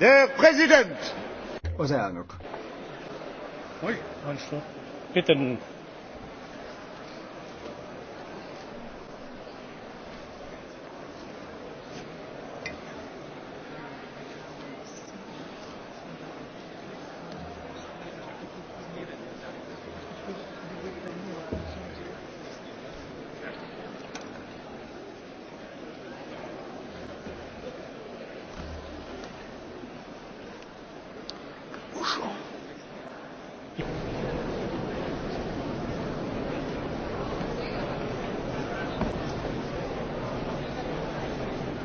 Der Präsident! Az elnök. Hogy? Bitte.